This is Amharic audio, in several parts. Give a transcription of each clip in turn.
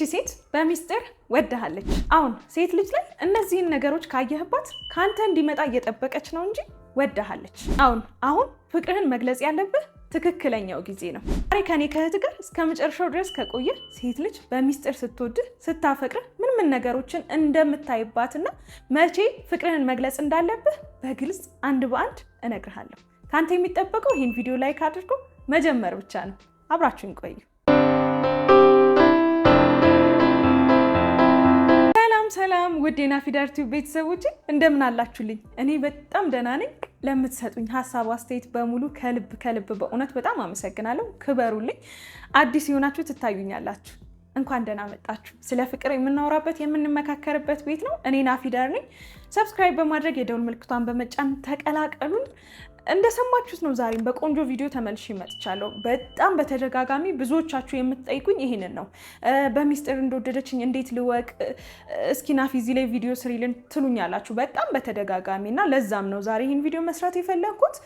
ይቺ ሴት በሚስጥር ወድሃለች። አሁን ሴት ልጅ ላይ እነዚህን ነገሮች ካየህባት ከአንተ እንዲመጣ እየጠበቀች ነው እንጂ ወድሃለች። አሁን አሁን ፍቅርህን መግለጽ ያለብህ ትክክለኛው ጊዜ ነው። ዛሬ ከኔ ከእህት ጋር እስከ መጨረሻው ድረስ ከቆየ ሴት ልጅ በሚስጥር ስትወድህ ስታፈቅርህ ምን ምን ነገሮችን እንደምታይባትና መቼ ፍቅርህን መግለጽ እንዳለብህ በግልጽ አንድ በአንድ እነግርሃለሁ። ከአንተ የሚጠበቀው ይህን ቪዲዮ ላይክ አድርጎ መጀመር ብቻ ነው። አብራችሁን ቆዩ። ሰላም ውዴና ፊደር ቲዩብ ቤተሰቦች እንደምን አላችሁልኝ? እኔ በጣም ደህና ነኝ። ለምትሰጡኝ ሀሳብ አስተያየት በሙሉ ከልብ ከልብ በእውነት በጣም አመሰግናለሁ። ክበሩልኝ። አዲስ የሆናችሁ ትታዩኛላችሁ፣ እንኳን ደህና መጣችሁ። ስለ ፍቅር የምናወራበት የምንመካከርበት ቤት ነው። እኔ ናፊደር ነኝ። ሰብስክራይብ በማድረግ የደውል ምልክቷን በመጫን ተቀላቀሉን። እንደሰማችሁት ነው። ዛሬም በቆንጆ ቪዲዮ ተመልሼ መጥቻለሁ። በጣም በተደጋጋሚ ብዙዎቻችሁ የምትጠይቁኝ ይህንን ነው። በሚስጥር እንደወደደችኝ እንዴት ልወቅ? እስኪ ናፊ እዚህ ላይ ቪዲዮ ስሪልን ትሉኛላችሁ በጣም በተደጋጋሚ እና ለዛም ነው ዛሬ ይህን ቪዲዮ መስራት የፈለግኩት።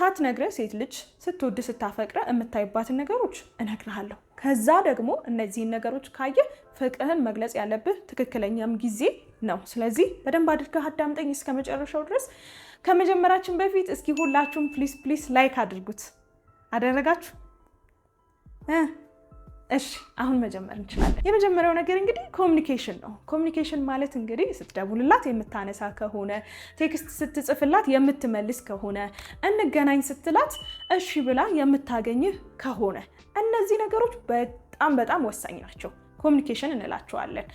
ሳትነግረ ሴት ልጅ ስትወድ ስታፈቅረ የምታይባትን ነገሮች እነግርሃለሁ። ከዛ ደግሞ እነዚህን ነገሮች ካየ ፍቅርህን መግለጽ ያለብህ ትክክለኛም ጊዜ ነው። ስለዚህ በደንብ አድርገህ አዳምጠኝ እስከ መጨረሻው ድረስ ከመጀመራችን በፊት እስኪ ሁላችሁም ፕሊስ ፕሊስ ላይክ አድርጉት። አደረጋችሁ? እሺ አሁን መጀመር እንችላለን። የመጀመሪያው ነገር እንግዲህ ኮሚኒኬሽን ነው። ኮሚኒኬሽን ማለት እንግዲህ ስትደውልላት የምታነሳ ከሆነ፣ ቴክስት ስትጽፍላት የምትመልስ ከሆነ፣ እንገናኝ ስትላት እሺ ብላ የምታገኝህ ከሆነ እነዚህ ነገሮች በጣም በጣም ወሳኝ ናቸው። ኮሚኒኬሽን እንላቸዋለን።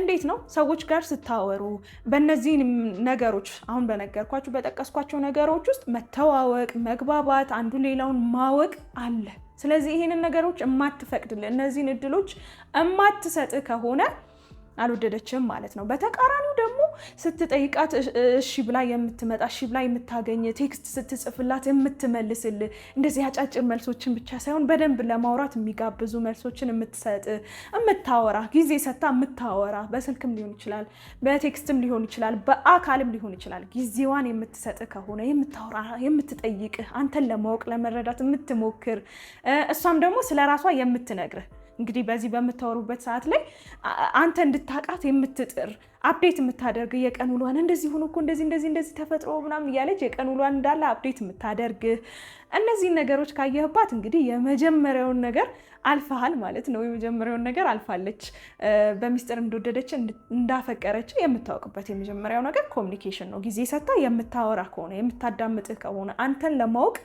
እንዴት ነው ሰዎች ጋር ስታወሩ በእነዚህን ነገሮች አሁን በነገርኳችሁ በጠቀስኳቸው ነገሮች ውስጥ መተዋወቅ፣ መግባባት፣ አንዱ ሌላውን ማወቅ አለ። ስለዚህ ይህንን ነገሮች እማትፈቅድል እነዚህን እድሎች እማትሰጥ ከሆነ አልወደደችም ማለት ነው። በተቃራኒው ደግሞ ስትጠይቃት እሺ ብላ የምትመጣ እሺ ብላ የምታገኝ ቴክስት ስትጽፍላት የምትመልስል እንደዚህ አጫጭር መልሶችን ብቻ ሳይሆን በደንብ ለማውራት የሚጋብዙ መልሶችን የምትሰጥ የምታወራ ጊዜ ሰታ የምታወራ በስልክም ሊሆን ይችላል፣ በቴክስትም ሊሆን ይችላል፣ በአካልም ሊሆን ይችላል። ጊዜዋን የምትሰጥ ከሆነ የምታወራ የምትጠይቅ አንተን ለማወቅ ለመረዳት የምትሞክር እሷም ደግሞ ስለ ራሷ የምትነግርህ እንግዲህ በዚህ በምታወሩበት ሰዓት ላይ አንተ እንድታውቃት የምትጥር አፕዴት የምታደርግ የቀን ውሏን እንደዚህ ሆኖ እኮ እንደዚህ እንደዚህ እንደዚህ ተፈጥሮ ምናምን እያለች የቀን ውሏን እንዳለ አፕዴት የምታደርግ እነዚህን ነገሮች ካየህባት እንግዲህ የመጀመሪያውን ነገር አልፈሃል ማለት ነው። የመጀመሪያውን ነገር አልፋለች፣ በሚስጥር እንደወደደች እንዳፈቀረች የምታወቅበት የመጀመሪያው ነገር ኮሚኒኬሽን ነው። ጊዜ ሰጥታ የምታወራ ከሆነ የምታዳምጥህ ከሆነ አንተን ለማወቅ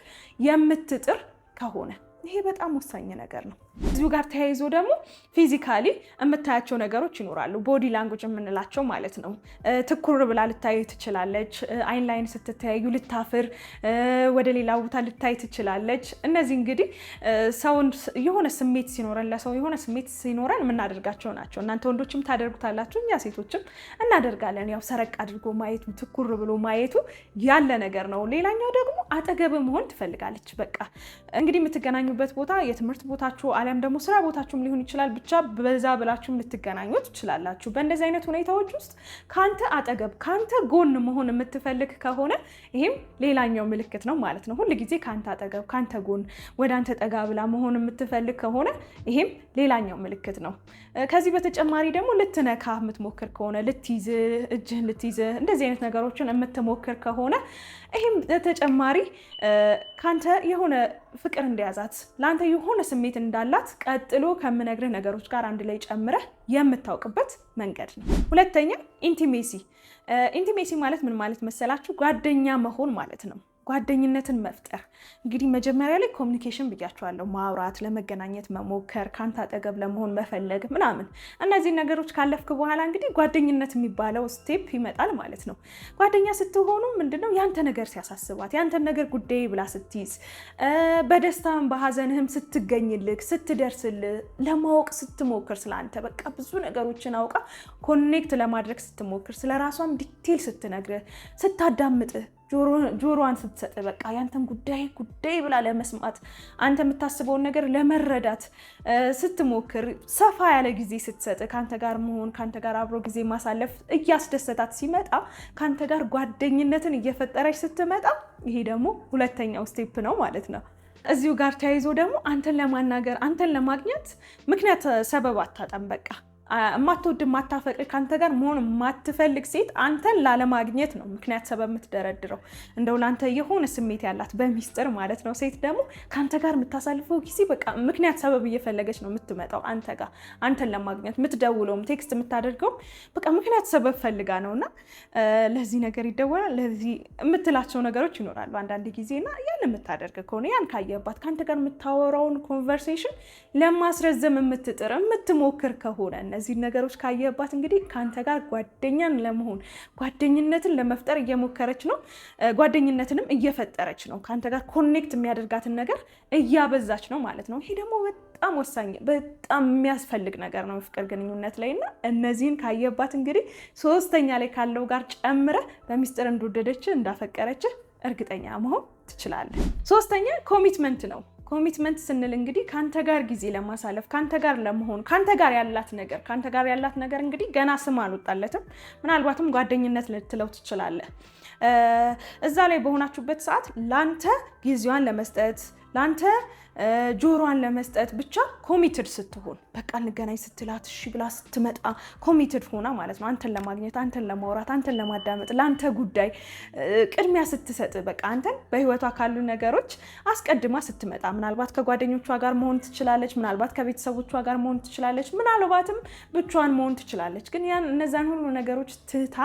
የምትጥር ከሆነ ይሄ በጣም ወሳኝ ነገር ነው። እዚሁ ጋር ተያይዞ ደግሞ ፊዚካሊ የምታያቸው ነገሮች ይኖራሉ። ቦዲ ላንጉጅ የምንላቸው ማለት ነው። ትኩር ብላ ልታይ ትችላለች። አይን ላይን ስትተያዩ ልታፍር፣ ወደ ሌላ ቦታ ልታይ ትችላለች። እነዚህ እንግዲህ ሰውን የሆነ ስሜት ሲኖረን ለሰው የሆነ ስሜት ሲኖረን የምናደርጋቸው ናቸው። እናንተ ወንዶችም ታደርጉታላችሁ፣ እኛ ሴቶችም እናደርጋለን። ያው ሰረቅ አድርጎ ማየቱ ትኩር ብሎ ማየቱ ያለ ነገር ነው። ሌላኛው ደግሞ አጠገብ መሆን ትፈልጋለች። በቃ እንግዲህ የምትገናኝ የምትገናኙበት ቦታ የትምህርት ቦታችሁ አሊያም ደግሞ ስራ ቦታችሁም ሊሆን ይችላል። ብቻ በዛ ብላችሁም ልትገናኙ ትችላላችሁ። በእንደዚህ አይነት ሁኔታዎች ውስጥ ከአንተ አጠገብ ከአንተ ጎን መሆን የምትፈልግ ከሆነ ይህም ሌላኛው ምልክት ነው ማለት ነው። ሁል ጊዜ ከአንተ አጠገብ ከአንተ ጎን ወደ አንተ ጠጋ ብላ መሆን የምትፈልግ ከሆነ ይህም ሌላኛው ምልክት ነው። ከዚህ በተጨማሪ ደግሞ ልትነካ የምትሞክር ከሆነ ልትይዝ እጅህን ልትይዝ እንደዚህ አይነት ነገሮችን የምትሞክር ከሆነ ይህም ተጨማሪ ከአንተ የሆነ ፍቅር እንደያዛት ለአንተ የሆነ ስሜት እንዳላት ቀጥሎ ከምነግርህ ነገሮች ጋር አንድ ላይ ጨምረህ የምታውቅበት መንገድ ነው። ሁለተኛ ኢንቲሜሲ። ኢንቲሜሲ ማለት ምን ማለት መሰላችሁ? ጓደኛ መሆን ማለት ነው። ጓደኝነትን መፍጠር እንግዲህ መጀመሪያ ላይ ኮሚኒኬሽን ብያቸዋለሁ። ማውራት፣ ለመገናኘት መሞከር፣ ከአንተ አጠገብ ለመሆን መፈለግ ምናምን እነዚህ ነገሮች ካለፍክ በኋላ እንግዲህ ጓደኝነት የሚባለው ስቴፕ ይመጣል ማለት ነው። ጓደኛ ስትሆኑ ምንድነው ያንተ ነገር ሲያሳስባት፣ ያንተን ነገር ጉዳይ ብላ ስትይዝ፣ በደስታም በሀዘንህም ስትገኝልህ ስትደርስልህ፣ ለማወቅ ስትሞክር፣ ስለአንተ በቃ ብዙ ነገሮችን አውቃ ኮኔክት ለማድረግ ስትሞክር፣ ስለራሷም ዲቴል ስትነግርህ፣ ስታዳምጥህ ጆሮዋን ስትሰጥ በቃ ያንተን ጉዳይ ጉዳይ ብላ ለመስማት አንተ የምታስበውን ነገር ለመረዳት ስትሞክር ሰፋ ያለ ጊዜ ስትሰጥ ከአንተ ጋር መሆን ከአንተ ጋር አብሮ ጊዜ ማሳለፍ እያስደሰታት ሲመጣ ከአንተ ጋር ጓደኝነትን እየፈጠረች ስትመጣ ይሄ ደግሞ ሁለተኛው ስቴፕ ነው ማለት ነው። እዚሁ ጋር ተያይዞ ደግሞ አንተን ለማናገር አንተን ለማግኘት ምክንያት ሰበብ አታጣም በቃ የማትወድ የማታፈቅር ከአንተ ጋር መሆን የማትፈልግ ሴት አንተን ላለማግኘት ነው ምክንያት ሰበብ የምትደረድረው። እንደው ለአንተ የሆነ ስሜት ያላት በሚስጥር ማለት ነው ሴት ደግሞ ከአንተ ጋር የምታሳልፈው ጊዜ በቃ ምክንያት ሰበብ እየፈለገች ነው የምትመጣው አንተ ጋር አንተን ለማግኘት የምትደውለውም ቴክስት የምታደርገውም በቃ ምክንያት ሰበብ ፈልጋ ነው። እና ለዚህ ነገር ይደወላል ለዚህ የምትላቸው ነገሮች ይኖራሉ አንዳንድ ጊዜ እና ያን የምታደርግ ከሆነ ያን ካየባት ከአንተ ጋር የምታወራውን ኮንቨርሴሽን ለማስረዘም የምትጥር የምትሞክር ከሆነ እነዚህን ነገሮች ካየባት እንግዲህ ከአንተ ጋር ጓደኛን ለመሆን ጓደኝነትን ለመፍጠር እየሞከረች ነው። ጓደኝነትንም እየፈጠረች ነው። ከአንተ ጋር ኮኔክት የሚያደርጋትን ነገር እያበዛች ነው ማለት ነው። ይሄ ደግሞ በጣም ወሳኝ በጣም የሚያስፈልግ ነገር ነው ፍቅር ግንኙነት ላይ እና እነዚህን ካየባት እንግዲህ ሶስተኛ ላይ ካለው ጋር ጨምረ በሚስጥር እንደወደደች እንዳፈቀረች እርግጠኛ መሆን ትችላለህ። ሶስተኛ ኮሚትመንት ነው። ኮሚትመንት ስንል እንግዲህ ከአንተ ጋር ጊዜ ለማሳለፍ ከአንተ ጋር ለመሆን ከአንተ ጋር ያላት ነገር ከአንተ ጋር ያላት ነገር እንግዲህ ገና ስም አልወጣለትም። ምናልባትም ጓደኝነት ልትለው ትችላለህ። እዛ ላይ በሆናችሁበት ሰዓት ለአንተ ጊዜዋን ለመስጠት ለአንተ ጆሮዋን ለመስጠት ብቻ ኮሚትድ ስትሆን በቃ እንገናኝ ስትላት እሺ ብላ ስትመጣ ኮሚትድ ሆና ማለት ነው። አንተን ለማግኘት፣ አንተን ለማውራት፣ አንተን ለማዳመጥ፣ ለአንተ ጉዳይ ቅድሚያ ስትሰጥ በቃ አንተን በህይወቷ ካሉ ነገሮች አስቀድማ ስትመጣ ምናልባት ከጓደኞቿ ጋር መሆን ትችላለች፣ ምናልባት ከቤተሰቦቿ ጋር መሆን ትችላለች፣ ምናልባትም ብቻዋን መሆን ትችላለች። ግን ያን ሁሉ ነገሮች ትታ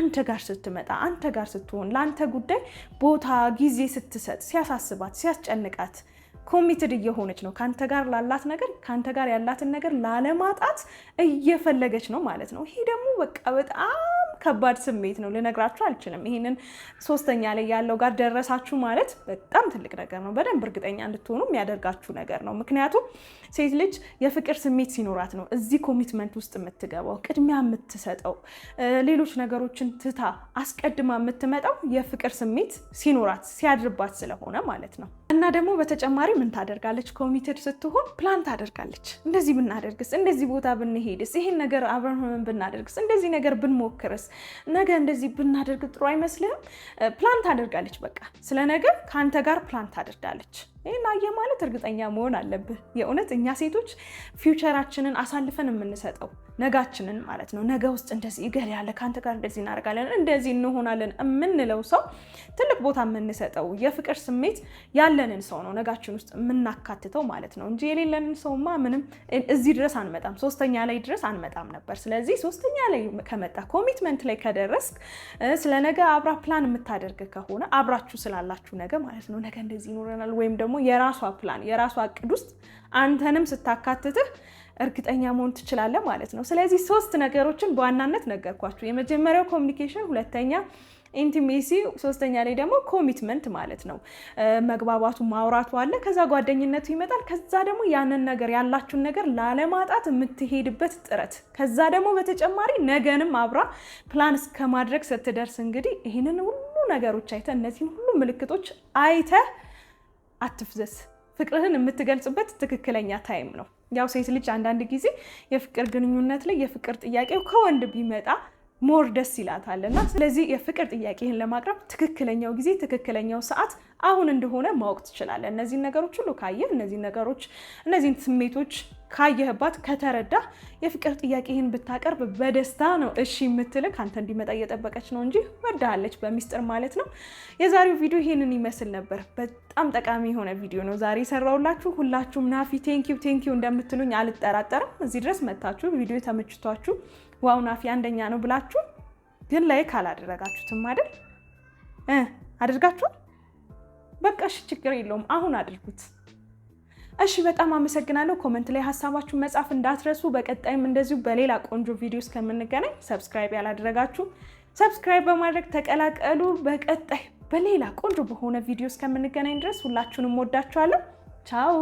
አንተ ጋር ስትመጣ፣ አንተ ጋር ስትሆን፣ ለአንተ ጉዳይ ቦታ ጊዜ ስትሰጥ፣ ሲያሳስባት፣ ሲያስጨንቃት ኮሚትድ እየሆነች ነው። ከአንተ ጋር ላላት ነገር ከአንተ ጋር ያላትን ነገር ላለማጣት እየፈለገች ነው ማለት ነው። ይሄ ደግሞ በቃ በጣም ከባድ ስሜት ነው። ልነግራችሁ አልችልም። ይህንን ሶስተኛ ላይ ያለው ጋር ደረሳችሁ ማለት በጣም ትልቅ ነገር ነው። በደንብ እርግጠኛ እንድትሆኑ የሚያደርጋችሁ ነገር ነው። ምክንያቱም ሴት ልጅ የፍቅር ስሜት ሲኖራት ነው እዚህ ኮሚትመንት ውስጥ የምትገባው፣ ቅድሚያ የምትሰጠው፣ ሌሎች ነገሮችን ትታ አስቀድማ የምትመጣው የፍቅር ስሜት ሲኖራት ሲያድርባት ስለሆነ ማለት ነው። ሀና ደግሞ በተጨማሪ ምን ታደርጋለች? ኮሚቴድ ስትሆን ፕላን ታደርጋለች። እንደዚህ ብናደርግስ፣ እንደዚህ ቦታ ብንሄድስ፣ ይህን ነገር አብረን ሆነን ብናደርግስ፣ እንደዚህ ነገር ብንሞክርስ፣ ነገ እንደዚህ ብናደርግ ጥሩ አይመስልህም? ፕላን ታደርጋለች። በቃ ስለ ነገር ከአንተ ጋር ፕላን ታደርጋለች። ይህን አየህ ማለት እርግጠኛ መሆን አለብህ። የእውነት እኛ ሴቶች ፊውቸራችንን አሳልፈን የምንሰጠው ነጋችንን ማለት ነው። ነገ ውስጥ እንደዚህ ይገል ያለ ከአንተ ጋር እንደዚህ እናደርጋለን፣ እንደዚህ እንሆናለን የምንለው ሰው ትልቅ ቦታ የምንሰጠው የፍቅር ስሜት ያለንን ሰው ነው ነጋችን ውስጥ የምናካትተው ማለት ነው እንጂ የሌለንን ሰውማ ምንም እዚህ ድረስ አንመጣም፣ ሶስተኛ ላይ ድረስ አንመጣም ነበር። ስለዚህ ሶስተኛ ላይ ከመጣ ኮሚትመንት ላይ ከደረስክ ስለ ነገ አብራ ፕላን የምታደርግ ከሆነ አብራችሁ ስላላችሁ ነገ ማለት ነው ነገ እንደዚህ ይኖረናል ወይም ደግሞ ደግሞ የራሷ ፕላን የራሷ እቅድ ውስጥ አንተንም ስታካትትህ እርግጠኛ መሆን ትችላለህ ማለት ነው። ስለዚህ ሶስት ነገሮችን በዋናነት ነገርኳችሁ። የመጀመሪያው ኮሚኒኬሽን፣ ሁለተኛ ኢንቲሜሲ፣ ሶስተኛ ላይ ደግሞ ኮሚትመንት ማለት ነው። መግባባቱ ማውራቱ አለ፣ ከዛ ጓደኝነቱ ይመጣል። ከዛ ደግሞ ያንን ነገር ያላችሁን ነገር ላለማጣት የምትሄድበት ጥረት፣ ከዛ ደግሞ በተጨማሪ ነገንም አብራ ፕላን እስከማድረግ ስትደርስ እንግዲህ ይህንን ሁሉ ነገሮች አይተ እነዚህን ሁሉ ምልክቶች አይተ አትፍዘስ ፍቅርህን የምትገልጽበት ትክክለኛ ታይም ነው። ያው ሴት ልጅ አንዳንድ ጊዜ የፍቅር ግንኙነት ላይ የፍቅር ጥያቄው ከወንድ ቢመጣ ሞር ደስ ይላታል እና ስለዚህ የፍቅር ጥያቄህን ለማቅረብ ትክክለኛው ጊዜ ትክክለኛው ሰዓት አሁን እንደሆነ ማወቅ ትችላለህ። እነዚህን ነገሮች ሁሉ ካየህ፣ እነዚህን ነገሮች እነዚህን ስሜቶች ካየህባት፣ ከተረዳ የፍቅር ጥያቄህን ብታቀርብ በደስታ ነው እሺ የምትልህ። አንተ እንዲመጣ እየጠበቀች ነው እንጂ ወዳለች በሚስጥር ማለት ነው። የዛሬው ቪዲዮ ይህንን ይመስል ነበር። በጣም ጠቃሚ የሆነ ቪዲዮ ነው ዛሬ የሰራውላችሁ ሁላችሁም ናፊ ቴንኪው ቴንኪው እንደምትሉኝ አልጠራጠርም። እዚህ ድረስ መታችሁ ቪዲዮ ተመችቷችሁ ዋው ናፊ አንደኛ ነው ብላችሁ ግን ላይክ አላደረጋችሁትም አይደል? አድርጋችኋል? በቃ እሺ፣ ችግር የለውም አሁን አድርጉት። እሺ፣ በጣም አመሰግናለሁ። ኮመንት ላይ ሀሳባችሁን መጻፍ እንዳትረሱ። በቀጣይም እንደዚሁ በሌላ ቆንጆ ቪዲዮ እስከምንገናኝ ሰብስክራይብ ያላደረጋችሁ ሰብስክራይብ በማድረግ ተቀላቀሉ። በቀጣይ በሌላ ቆንጆ በሆነ ቪዲዮ እስከምንገናኝ ድረስ ሁላችሁንም ወዳችኋለሁ። ቻው